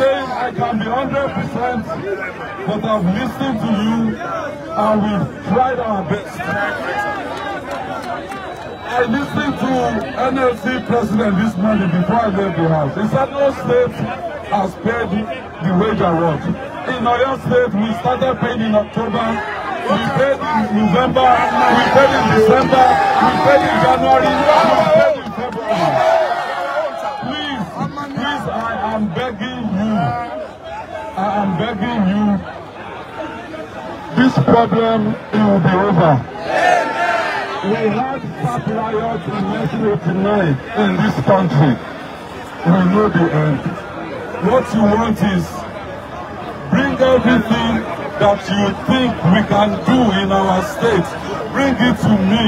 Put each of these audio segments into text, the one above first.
saying I can be 100%, but I've listened to you and we've tried our best. I listened to NLC president this morning before I left the house. He said no state has paid the wage award. In Oyo State, we started paying in October, we paid in November, we paid in December, we paid in January, we paid this problem, it will be over. Amen. We had staff riots in 1989 in this country. We know the end. What you want is bring everything that you think we can do in our state. Bring it to me.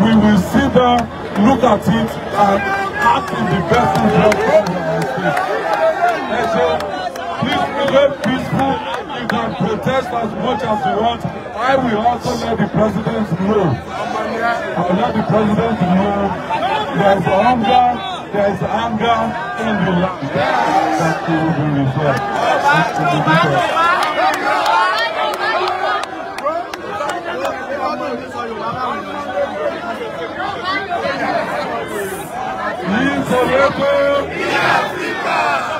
We will sit down, look at it, and act in the best interest of our state. Please be behave peaceful can protest as much as you want. I will also let the president know. I will let the president know there's hunger, there's anger in the land. That will be resolved. Ní Soweto, ní Áfíríkà.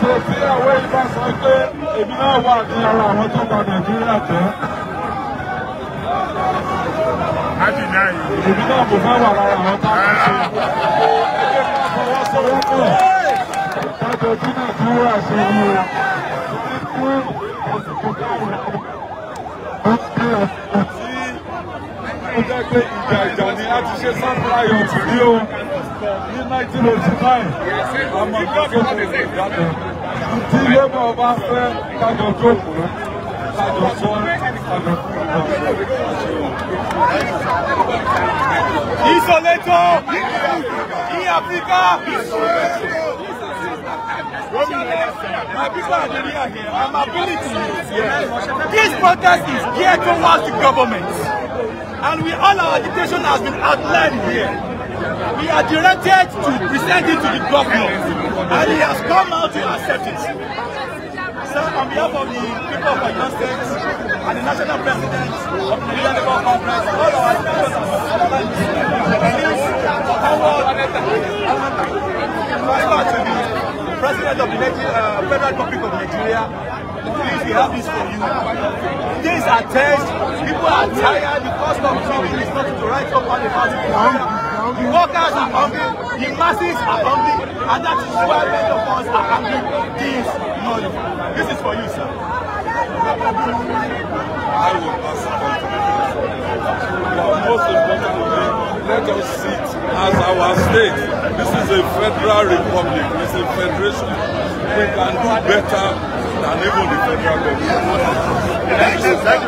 ṣe sí àwọn ìbá sọ pé èmi náà wà ní ara àwọn tó gba nàìjíríà jẹ́. èmi náà kò fẹ́ wà lára àwọn tá a ṣe. ẹgbẹ́ tí nàìjíríà ṣe yí o. Ó jẹ́ pé ìjà ìjà ni a ti ṣe sáfúráyọ̀ tì ní o ní 1985 àmọ́ ìgbà tó kù jáde tí lébọ̀ bá fẹ́ kájọ jókòó kájọ sọ kájọ kúrò. ìsọlẹ́tọ̀ ní Áfíríkà. This protest is geared towards the government. And we all our agitation has been outlined here. We are directed to present it to the government. And he has come out to accept it. So on behalf of the people of Oyo State and the national president of the Nigerian Labour Conference, all our members of our release award to the president of the uh, Federal Republic of Nigeria. Please, we have this for you. These are tests. People are tired. The cost of living is not to write up on the party hungry, workers are hungry, the masses are hungry, and that is why many of us are hungry this money. This is for you, sir. I will pass it on to the But most importantly, let us sit as our state. This is a federal republic, it's a federation. We can do better than even the federal government. Exactly.